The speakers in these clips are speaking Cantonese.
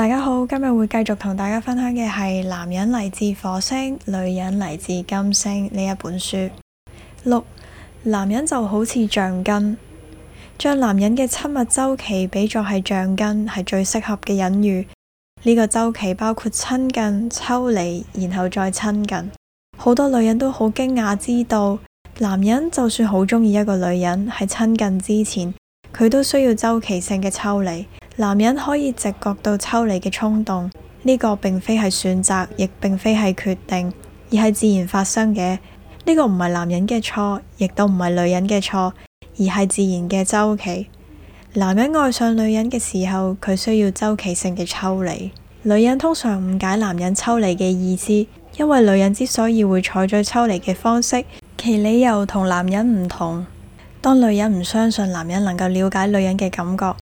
大家好，今日會繼續同大家分享嘅係《男人嚟自火星，女人嚟自金星》呢一本書。六，男人就好似橡筋，將男人嘅親密周期比作係橡筋，係最適合嘅隱喻。呢個周期包括親近、抽離，然後再親近。好多女人都好驚訝知道，男人就算好中意一個女人，喺親近之前，佢都需要周期性嘅抽離。男人可以直覺到抽離嘅衝動，呢個並非係選擇，亦並非係決定，而係自然發生嘅。呢個唔係男人嘅錯，亦都唔係女人嘅錯，而係自然嘅周期。男人愛上女人嘅時候，佢需要周期性嘅抽離。女人通常誤解男人抽離嘅意思，因為女人之所以會採取抽離嘅方式，其理由同男人唔同。當女人唔相信男人能夠了解女人嘅感覺。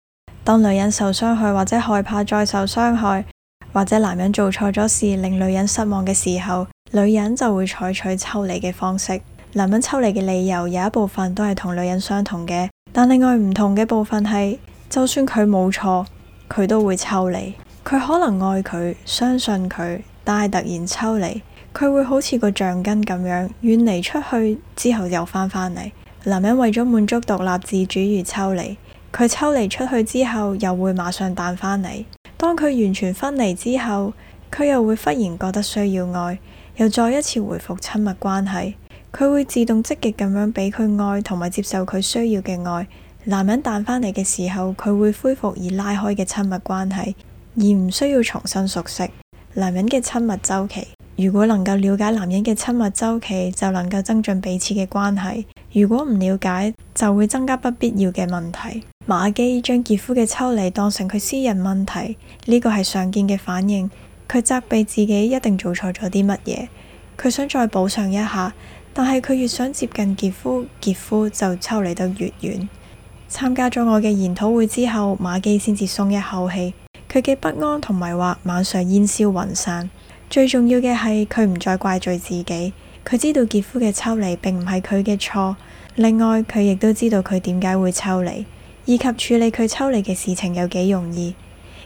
當女人受傷害或者害怕再受傷害，或者男人做錯咗事令女人失望嘅時候，女人就會採取抽離嘅方式。男人抽離嘅理由有一部分都係同女人相同嘅，但另外唔同嘅部分係，就算佢冇錯，佢都會抽離。佢可能愛佢、相信佢，但係突然抽離，佢會好似個橡筋咁樣，遠離出去之後又返返嚟。男人為咗滿足獨立自主而抽離。佢抽離出去之後，又會馬上彈返嚟。當佢完全分離之後，佢又會忽然覺得需要愛，又再一次回覆親密關係。佢會自動積極咁樣俾佢愛同埋接受佢需要嘅愛。男人彈返嚟嘅時候，佢會恢復而拉開嘅親密關係，而唔需要重新熟悉。男人嘅親密週期。如果能夠了解男人嘅親密週期，就能夠增進彼此嘅關係；如果唔了解，就會增加不必要嘅問題。馬基將傑夫嘅抽離當成佢私人問題，呢個係常見嘅反應。佢責備自己一定做錯咗啲乜嘢。佢想再補償一下，但係佢越想接近傑夫，傑夫就抽離得越遠。參加咗我嘅研討會之後，馬基先至鬆一口氣。佢嘅不安同迷惑馬上煙消雲散。最重要嘅係佢唔再怪罪自己。佢知道傑夫嘅抽離並唔係佢嘅錯。另外，佢亦都知道佢點解會抽離。以及處理佢抽離嘅事情有幾容易？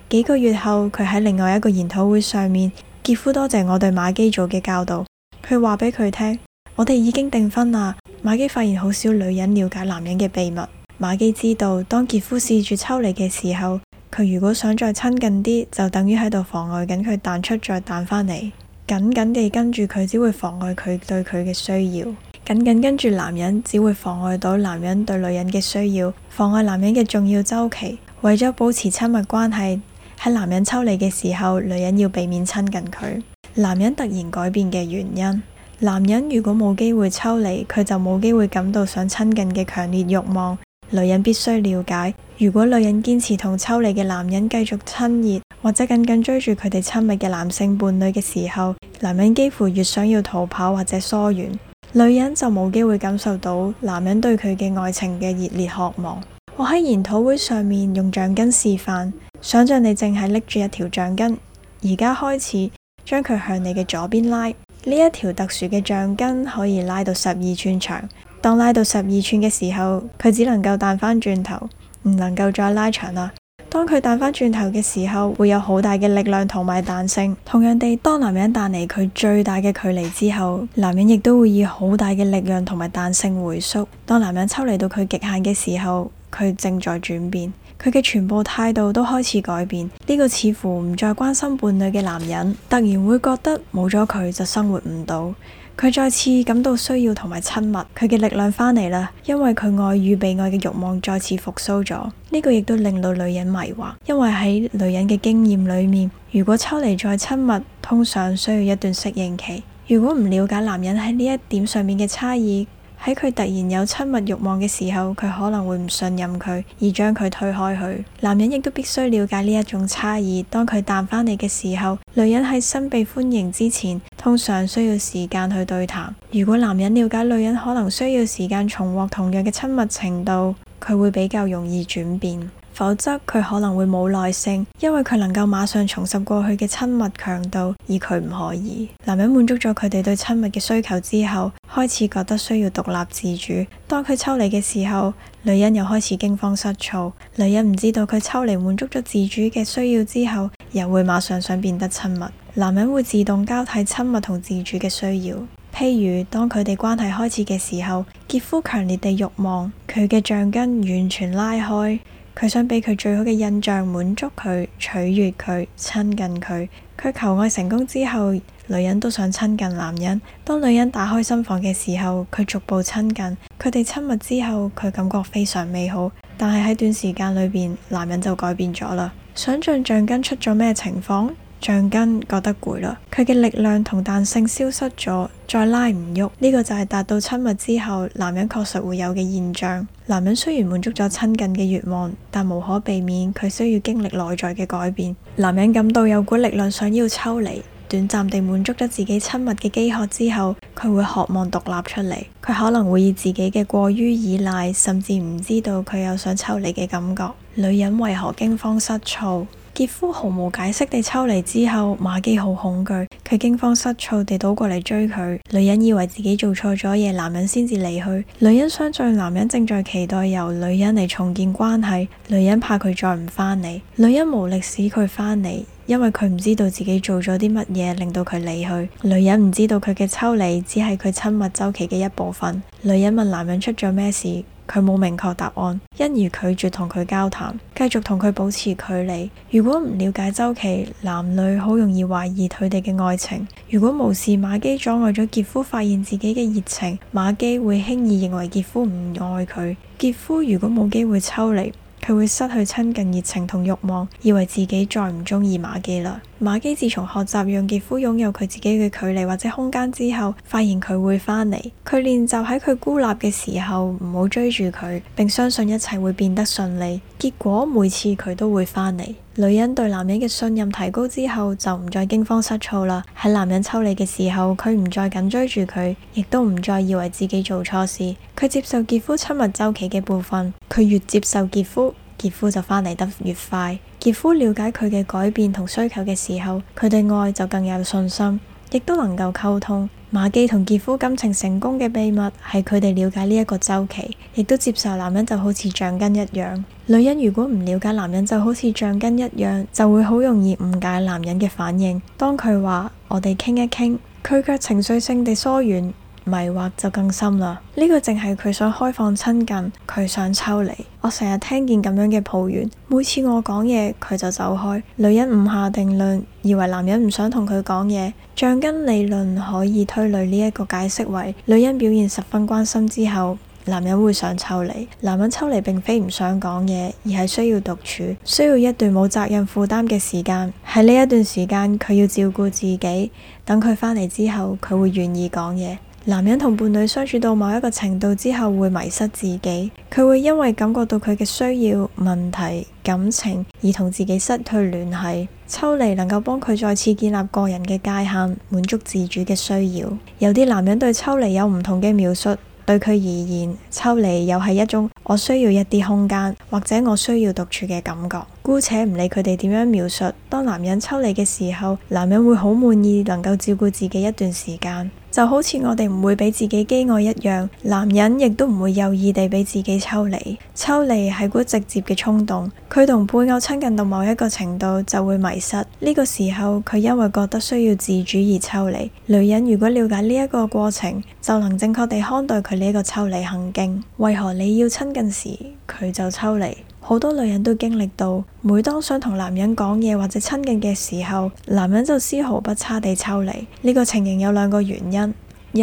幾個月後，佢喺另外一個研討會上面，傑夫多謝我對馬基做嘅教導。佢話俾佢聽：「我哋已經訂婚啦。」馬基發現好少女人了解男人嘅秘密。馬基知道，當傑夫試住抽離嘅時候，佢如果想再親近啲，就等於喺度妨礙緊佢彈出再彈返嚟。緊緊地跟住佢，只會妨礙佢對佢嘅需要。緊緊跟住男人只會妨礙到男人對女人嘅需要，妨礙男人嘅重要周期。為咗保持親密關係，喺男人抽離嘅時候，女人要避免親近佢。男人突然改變嘅原因，男人如果冇機會抽離，佢就冇機會感到想親近嘅強烈慾望。女人必須了解，如果女人堅持同抽離嘅男人繼續親熱，或者緊緊追住佢哋親密嘅男性伴侶嘅時候，男人幾乎越想要逃跑或者疏遠。女人就冇機會感受到男人對佢嘅愛情嘅熱烈渴望。我喺研討會上面用橡筋示範，想像你淨係拎住一條橡筋，而家開始將佢向你嘅左邊拉。呢一條特殊嘅橡筋可以拉到十二寸長。當拉到十二寸嘅時候，佢只能夠彈翻轉頭，唔能夠再拉長啦。當佢彈返轉頭嘅時候，會有好大嘅力量同埋彈性。同樣地，當男人彈離佢最大嘅距離之後，男人亦都會以好大嘅力量同埋彈性回縮。當男人抽離到佢極限嘅時候，佢正在轉變，佢嘅全部態度都開始改變。呢個似乎唔再關心伴侶嘅男人，突然會覺得冇咗佢就生活唔到。佢再次感到需要同埋親密，佢嘅力量返嚟啦，因為佢愛與被愛嘅慾望再次復甦咗。呢個亦都令到女人迷惑，因為喺女人嘅經驗裏面，如果抽離再親密，通常需要一段適應期。如果唔了解男人喺呢一點上面嘅差異，喺佢突然有親密欲望嘅時候，佢可能會唔信任佢，而將佢推開佢。男人亦都必須了解呢一種差異。當佢彈返嚟嘅時候，女人喺新被歡迎之前，通常需要時間去對談。如果男人了解女人可能需要時間重獲同樣嘅親密程度，佢會比較容易轉變。否則佢可能會冇耐性，因為佢能夠馬上重拾過去嘅親密強度，而佢唔可以。男人滿足咗佢哋對親密嘅需求之後，開始覺得需要獨立自主。當佢抽離嘅時候，女人又開始驚慌失措。女人唔知道佢抽離滿足咗自主嘅需要之後，又會馬上想變得親密。男人會自動交替親密同自主嘅需要，譬如當佢哋關係開始嘅時候，傑夫強烈地欲望佢嘅橡筋完全拉開。佢想畀佢最好嘅印象，滿足佢，取悅佢，親近佢。佢求愛成功之後，女人都想親近男人。當女人打開心房嘅時候，佢逐步親近。佢哋親密之後，佢感覺非常美好。但係喺短時間裏邊，男人就改變咗啦。想像橡筋出咗咩情況？橡筋覺得攰啦，佢嘅力量同彈性消失咗，再拉唔喐，呢個就係達到親密之後男人確實會有嘅現象。男人雖然滿足咗親近嘅願望，但無可避免佢需要經歷內在嘅改變。男人感到有股力量想要抽離，短暫地滿足咗自己親密嘅飢渴之後，佢會渴望獨立出嚟。佢可能會以自己嘅過於依賴，甚至唔知道佢有想抽離嘅感覺。女人為何驚慌失措？傑夫毫無解釋地抽離之後，馬基好恐懼，佢驚慌失措地倒過嚟追佢。女人以為自己做錯咗嘢，男人先至離去。女人相信男人正在期待由女人嚟重建關係，女人怕佢再唔返嚟，女人無力使佢返嚟，因為佢唔知道自己做咗啲乜嘢令到佢離去。女人唔知道佢嘅抽離只係佢親密週期嘅一部分。女人問男人出咗咩事？佢冇明確答案，因而拒絕同佢交談，繼續同佢保持距離。如果唔了解周期，男女好容易懷疑佢哋嘅愛情。如果無視馬基阻礙咗傑夫發現自己嘅熱情，馬基會輕易認為傑夫唔愛佢。傑夫如果冇機會抽離，佢會失去親近熱情同慾望，以為自己再唔鍾意馬基啦。馬基自從學習讓傑夫擁有佢自己嘅距離或者空間之後，發現佢會翻嚟。佢練習喺佢孤立嘅時候唔好追住佢，並相信一切會變得順利。結果每次佢都會翻嚟。女人對男人嘅信任提高之後，就唔再驚慌失措啦。喺男人抽離嘅時候，佢唔再緊追住佢，亦都唔再以為自己做錯事。佢接受傑夫親密周期嘅部分，佢越接受傑夫，傑夫就翻嚟得越快。傑夫了解佢嘅改變同需求嘅時候，佢對愛就更有信心，亦都能夠溝通。瑪基同杰夫感情成功嘅秘密係佢哋了解呢一個周期，亦都接受男人就好似橡筋一樣，女人如果唔了解男人就好似橡筋一樣，就會好容易誤解男人嘅反應。當佢話我哋傾一傾，佢卻情緒性地疏遠，迷惑就更深啦。呢個淨係佢想開放親近，佢想抽離。我成日聽見咁樣嘅抱怨，每次我講嘢，佢就走開。女人唔下定論，以為男人唔想同佢講嘢。橡筋理論可以推理呢一個解釋為：女人表現十分關心之後，男人會想抽離。男人抽離並非唔想講嘢，而係需要獨處，需要一段冇責任負擔嘅時間。喺呢一段時間，佢要照顧自己。等佢返嚟之後，佢會願意講嘢。男人同伴侶相處到某一個程度之後，會迷失自己。佢會因為感覺到佢嘅需要、問題、感情而同自己失去聯繫。抽離能夠幫佢再次建立個人嘅界限，滿足自主嘅需要。有啲男人對抽離有唔同嘅描述，對佢而言，抽離又係一種我需要一啲空間，或者我需要獨處嘅感覺。姑且唔理佢哋點樣描述，當男人抽離嘅時候，男人會好滿意能夠照顧自己一段時間。就好似我哋唔會俾自己飢餓一樣，男人亦都唔會有意地俾自己抽離。抽離係股直接嘅衝動，佢同配偶親近到某一個程度就會迷失。呢個時候，佢因為覺得需要自主而抽離。女人如果了解呢一個過程，就能正確地看待佢呢個抽離行徑。為何你要親近時，佢就抽離？好多女人都經歷到，每當想同男人講嘢或者親近嘅時候，男人就絲毫不差地抽離。呢個情形有兩個原因：一、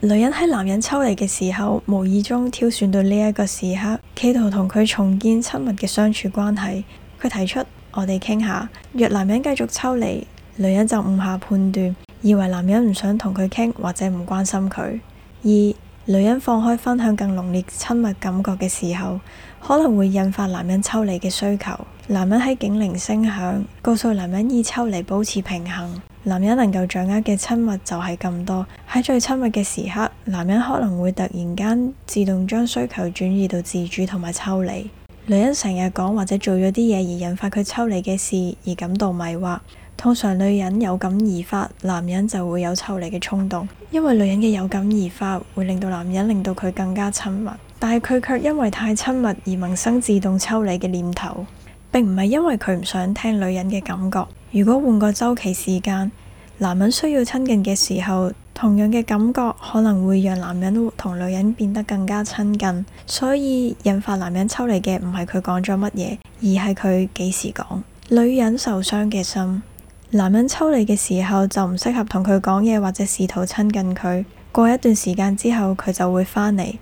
女人喺男人抽離嘅時候，無意中挑選到呢一個時刻，企圖同佢重建親密嘅相處關係。佢提出，我哋傾下，若男人繼續抽離，女人就誤下判斷，以為男人唔想同佢傾或者唔關心佢。二、女人放開分享更濃烈親密感覺嘅時候。可能會引發男人抽離嘅需求。男人喺警鈴聲響，告訴男人以抽離保持平衡。男人能夠掌握嘅親密就係咁多。喺最親密嘅時刻，男人可能會突然間自動將需求轉移到自主同埋抽離。女人成日講或者做咗啲嘢而引發佢抽離嘅事，而感到迷惑。通常女人有感而發，男人就會有抽離嘅衝動，因為女人嘅有感而發會令到男人令到佢更加親密。但係佢卻因為太親密而萌生自動抽離嘅念頭，並唔係因為佢唔想聽女人嘅感覺。如果換個周期時間，男人需要親近嘅時候，同樣嘅感覺可能會讓男人同女人變得更加親近。所以引發男人抽離嘅唔係佢講咗乜嘢，而係佢幾時講。女人受傷嘅心。男人抽離嘅時候就唔適合同佢講嘢，或者試圖親近佢。過一段時間之後，佢就會返嚟。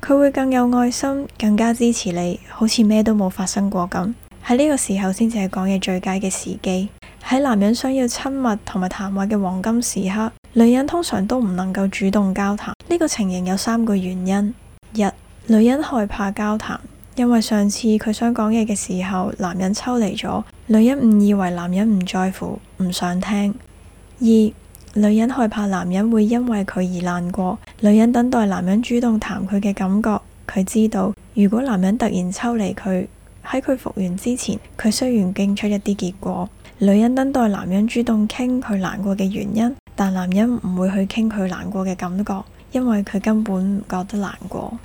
佢會更有愛心，更加支持你，好似咩都冇發生過咁。喺呢個時候先至係講嘢最佳嘅時機。喺男人想要親密同埋談話嘅黃金時刻，女人通常都唔能夠主動交談。呢個情形有三個原因：一、女人害怕交談，因為上次佢想講嘢嘅時候，男人抽離咗，女人誤以為男人唔在乎、唔想聽；二、女人害怕男人會因為佢而難過。女人等待男人主動談佢嘅感覺，佢知道如果男人突然抽離佢，喺佢復原之前，佢雖然傾出一啲結果。女人等待男人主動傾佢難過嘅原因，但男人唔會去傾佢難過嘅感覺，因為佢根本唔覺得難過。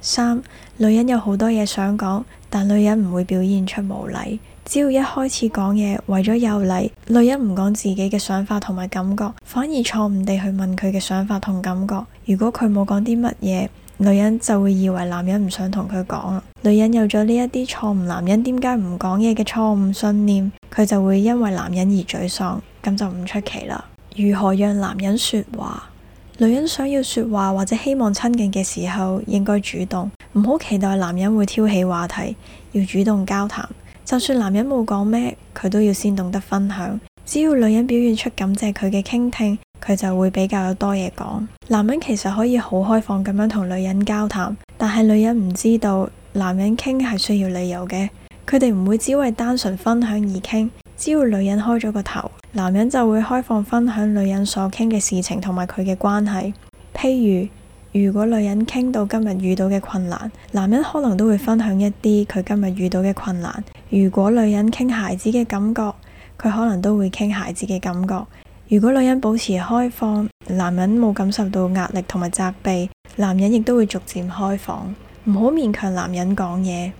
三，女人有好多嘢想講，但女人唔會表現出無禮。只要一開始講嘢，為咗有禮，女人唔講自己嘅想法同埋感覺，反而錯誤地去問佢嘅想法同感覺。如果佢冇講啲乜嘢，女人就會以為男人唔想同佢講。女人有咗呢一啲錯誤，男人點解唔講嘢嘅錯誤信念，佢就會因為男人而沮喪，咁就唔出奇啦。如何讓男人說話？女人想要說話或者希望親近嘅時候，應該主動，唔好期待男人會挑起話題，要主動交談。就算男人冇講咩，佢都要先懂得分享。只要女人表現出感謝佢嘅傾聽，佢就會比較有多嘢講。男人其實可以好開放咁樣同女人交談，但係女人唔知道男人傾係需要理由嘅，佢哋唔會只為單純分享而傾。只要女人開咗個頭，男人就會開放分享女人所傾嘅事情同埋佢嘅關係。譬如，如果女人傾到今日遇到嘅困難，男人可能都會分享一啲佢今日遇到嘅困難。如果女人傾孩子嘅感覺，佢可能都會傾孩子嘅感覺。如果女人保持開放，男人冇感受到壓力同埋責備，男人亦都會逐漸開放。唔好勉強男人講嘢。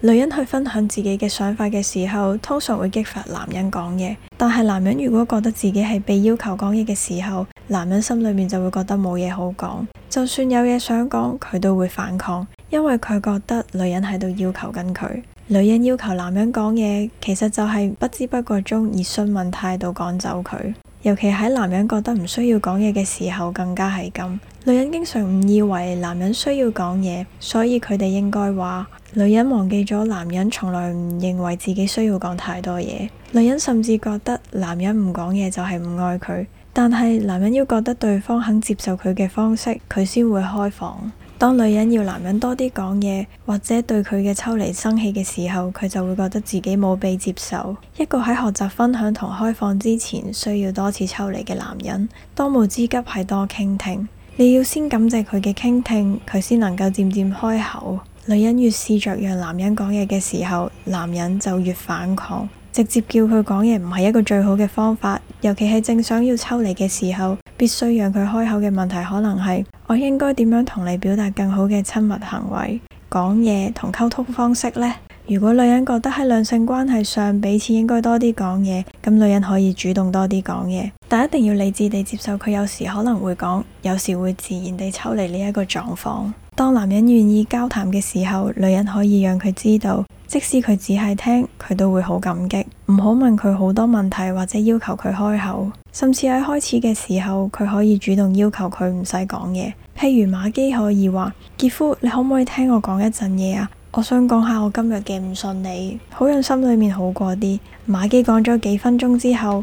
女人去分享自己嘅想法嘅時候，通常會激發男人講嘢。但係男人如果覺得自己係被要求講嘢嘅時候，男人心裏面就會覺得冇嘢好講。就算有嘢想講，佢都會反抗，因為佢覺得女人喺度要求緊佢。女人要求男人講嘢，其實就係不知不覺中以詢問態度趕走佢。尤其喺男人覺得唔需要講嘢嘅時候，更加係咁。女人經常誤以為男人需要講嘢，所以佢哋應該話。女人忘記咗男人從來唔認為自己需要講太多嘢。女人甚至覺得男人唔講嘢就係唔愛佢，但係男人要覺得對方肯接受佢嘅方式，佢先會開放。當女人要男人多啲講嘢，或者對佢嘅抽離生氣嘅時候，佢就會覺得自己冇被接受。一個喺學習分享同開放之前，需要多次抽離嘅男人，當務之急係多傾聽。你要先感謝佢嘅傾聽，佢先能夠漸漸開口。女人越試着讓男人講嘢嘅時候，男人就越反抗。直接叫佢講嘢唔係一個最好嘅方法，尤其係正想要抽離嘅時候，必須讓佢開口嘅問題可能係。我應該點樣同你表達更好嘅親密行為、講嘢同溝通方式呢？如果女人覺得喺兩性關係上彼此應該多啲講嘢，咁女人可以主動多啲講嘢，但一定要理智地接受佢有時可能會講，有時會自然地抽離呢一個狀況。當男人願意交談嘅時候，女人可以讓佢知道。即使佢只係聽，佢都會好感激。唔好問佢好多問題，或者要求佢開口，甚至喺開始嘅時候，佢可以主動要求佢唔使講嘢。譬如馬基可以話：傑夫，你可唔可以聽我講一陣嘢啊？我想講下我今日嘅唔順利，好讓心裏面好過啲。馬基講咗幾分鐘之後，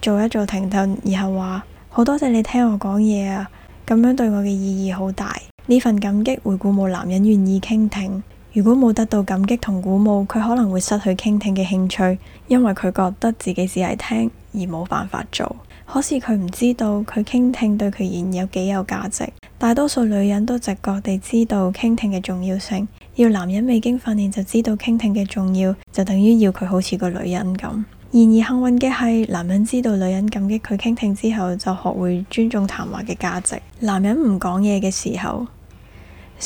做一做停頓，然後話：好多謝你聽我講嘢啊，咁樣對我嘅意義好大。呢份感激回顧冇男人願意傾聽。如果冇得到感激同鼓舞，佢可能會失去傾聽嘅興趣，因為佢覺得自己只係聽而冇辦法做。可是佢唔知道，佢傾聽對佢而言有幾有價值。大多數女人都直覺地知道傾聽嘅重要性，要男人未經訓練就知道傾聽嘅重要，就等於要佢好似個女人咁。然而幸運嘅係，男人知道女人感激佢傾聽之後，就學會尊重談話嘅價值。男人唔講嘢嘅時候。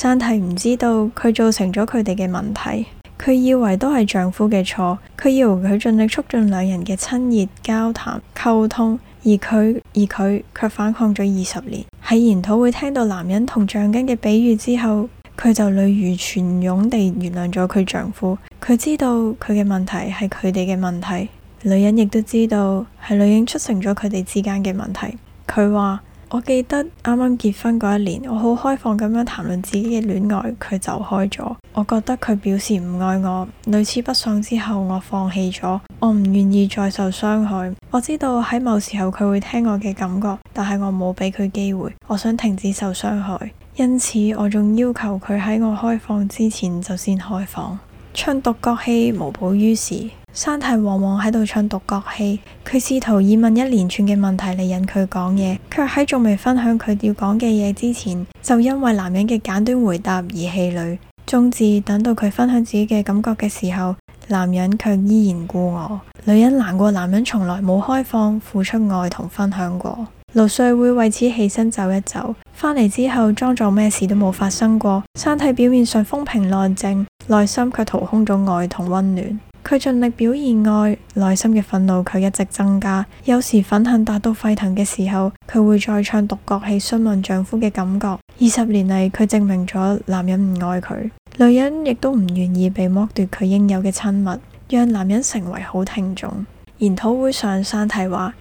山提唔知道佢造成咗佢哋嘅問題，佢以為都係丈夫嘅錯，佢以為佢盡力促進兩人嘅親熱交談溝通，而佢而佢卻反抗咗二十年。喺研討會聽到男人同橡筋嘅比喻之後，佢就淚如泉湧地原諒咗佢丈夫。佢知道佢嘅問題係佢哋嘅問題，女人亦都知道係女人促成咗佢哋之間嘅問題。佢話。我記得啱啱結婚嗰一年，我好開放咁樣談論自己嘅戀愛，佢走開咗。我覺得佢表示唔愛我，類似不爽之後我棄，我放棄咗，我唔願意再受傷害。我知道喺某時候佢會聽我嘅感覺，但係我冇俾佢機會。我想停止受傷害，因此我仲要求佢喺我開放之前就先開放。唱獨角戲無補於事。山體往往喺度唱獨角戲，佢試圖以問一連串嘅問題嚟引佢講嘢，卻喺仲未分享佢要講嘅嘢之前，就因為男人嘅簡短回答而氣餒，終至等到佢分享自己嘅感覺嘅時候，男人卻依然故我。女人難過，男人從來冇開放、付出愛同分享過。盧瑞會為此起身走一走，翻嚟之後裝作咩事都冇發生過。山體表面上風平浪靜，內心卻掏空咗愛同温暖。佢盡力表現愛，內心嘅憤怒卻一直增加。有時憤恨達到沸騰嘅時候，佢會再唱獨角戲詢問丈夫嘅感覺。二十年嚟，佢證明咗男人唔愛佢，女人亦都唔願意被剝奪佢應有嘅親密，讓男人成為好聽眾。研討會上，山提話：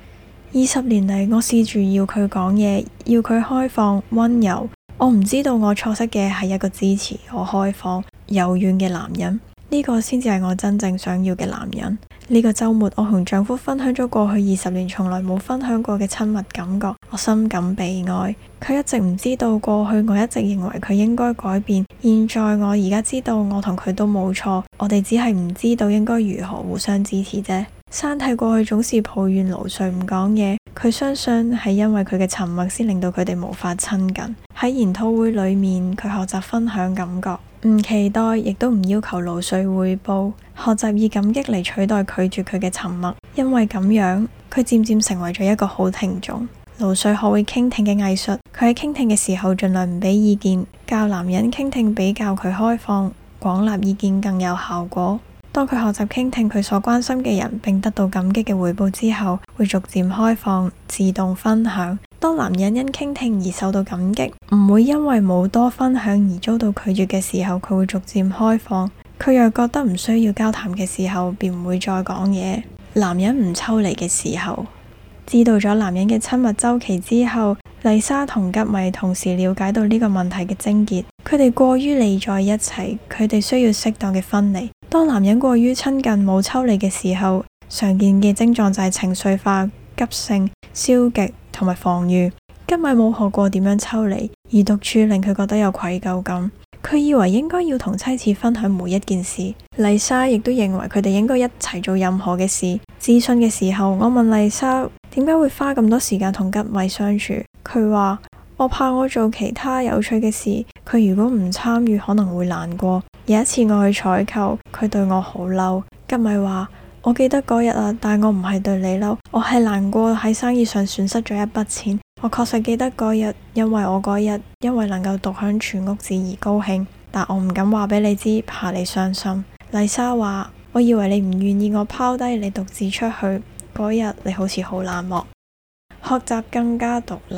二十年嚟，我試住要佢講嘢，要佢開放、溫柔。我唔知道我錯失嘅係一個支持我開放、柔軟嘅男人。呢個先至係我真正想要嘅男人。呢個周末，我同丈夫分享咗過去二十年從來冇分享過嘅親密感覺，我深感悲哀。佢一直唔知道過去，我一直認為佢應該改變。現在我而家知道，我同佢都冇錯，我哋只係唔知道應該如何互相支持啫。山體過去總是抱怨勞瑞唔講嘢，佢相信係因為佢嘅沉默先令到佢哋無法親近。喺研討會裏面，佢學習分享感覺。唔期待，亦都唔要求勞瑞回報，學習以感激嚟，取代拒絕佢嘅沉默，因為咁樣，佢漸漸成為咗一個好聽眾。勞瑞學會傾聽嘅藝術，佢喺傾聽嘅時候盡量唔俾意見。教男人傾聽比教佢開放、廣納意見更有效果。當佢學習傾聽佢所關心嘅人，並得到感激嘅回報之後，會逐漸開放，自動分享。當男人因傾聽而受到感激，唔會因為冇多分享而遭到拒絕嘅時候，佢會逐漸開放。佢若覺得唔需要交談嘅時候，便唔會再講嘢。男人唔抽離嘅時候，知道咗男人嘅親密週期之後，麗莎同吉米同時了解到呢個問題嘅症結。佢哋過於膩在一齊，佢哋需要適當嘅分離。當男人過於親近冇抽離嘅時候，常見嘅症狀就係情緒化、急性、消極。同埋防禦，吉米冇學過點樣抽離，而獨處令佢覺得有愧疚感。佢以為應該要同妻子分享每一件事。麗莎亦都認為佢哋應該一齊做任何嘅事。諮詢嘅時候，我問麗莎點解會花咁多時間同吉米相處，佢話，我怕我做其他有趣嘅事，佢如果唔參與可能會難過。有一次我去採購，佢對我好嬲。吉米話。我記得嗰日啊，但我唔係對你嬲，我係難過喺生意上損失咗一筆錢。我確實記得嗰日，因為我嗰日因為能夠獨享全屋子而高興，但我唔敢話畀你知，怕你傷心。麗莎話：我以為你唔願意我拋低你獨自出去，嗰日你好似好冷漠。學習更加獨立，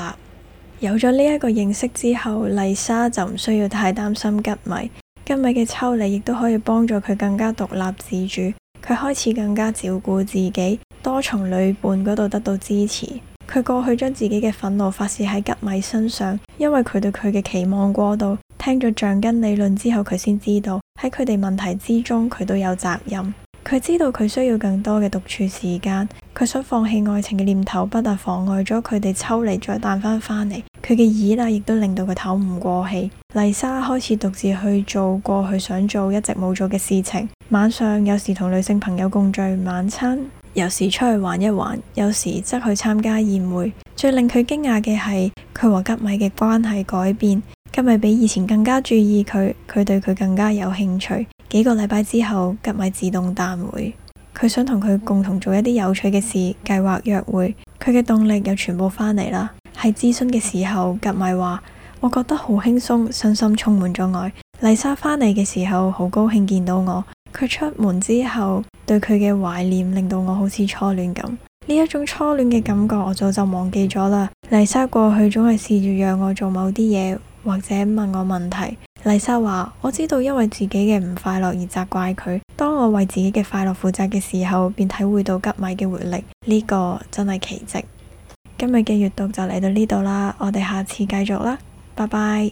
有咗呢一個認識之後，麗莎就唔需要太擔心吉米，吉米嘅抽離亦都可以幫助佢更加獨立自主。佢開始更加照顧自己，多從女伴嗰度得到支持。佢過去將自己嘅憤怒發泄喺吉米身上，因為佢對佢嘅期望過度。聽咗橡筋理論之後，佢先知道喺佢哋問題之中，佢都有責任。佢知道佢需要更多嘅獨處時間，佢想放棄愛情嘅念頭，不但妨礙咗佢哋抽離再彈翻翻嚟，佢嘅倚賴亦都令到佢透唔過氣。麗莎開始獨自去做過去想做一直冇做嘅事情，晚上有時同女性朋友共聚晚餐，有時出去玩一玩，有時則去參加宴會。最令佢驚訝嘅係，佢和吉米嘅關係改變。吉米比以前更加注意佢，佢對佢更加有興趣。幾個禮拜之後，吉米自動彈回，佢想同佢共同做一啲有趣嘅事，計劃約會。佢嘅動力又全部返嚟啦。喺諮詢嘅時候，吉米話：我覺得好輕鬆，身心充滿咗愛。麗莎返嚟嘅時候，好高興見到我。佢出門之後，對佢嘅懷念令到我好似初戀咁。呢一種初戀嘅感覺，我早就忘記咗啦。麗莎過去總係試住讓我做某啲嘢。或者問我問題，麗莎話我知道，因為自己嘅唔快樂而責怪佢。當我為自己嘅快樂負責嘅時候，便體會到吉米嘅活力，呢、這個真係奇蹟。今日嘅閱讀就嚟到呢度啦，我哋下次繼續啦，拜拜。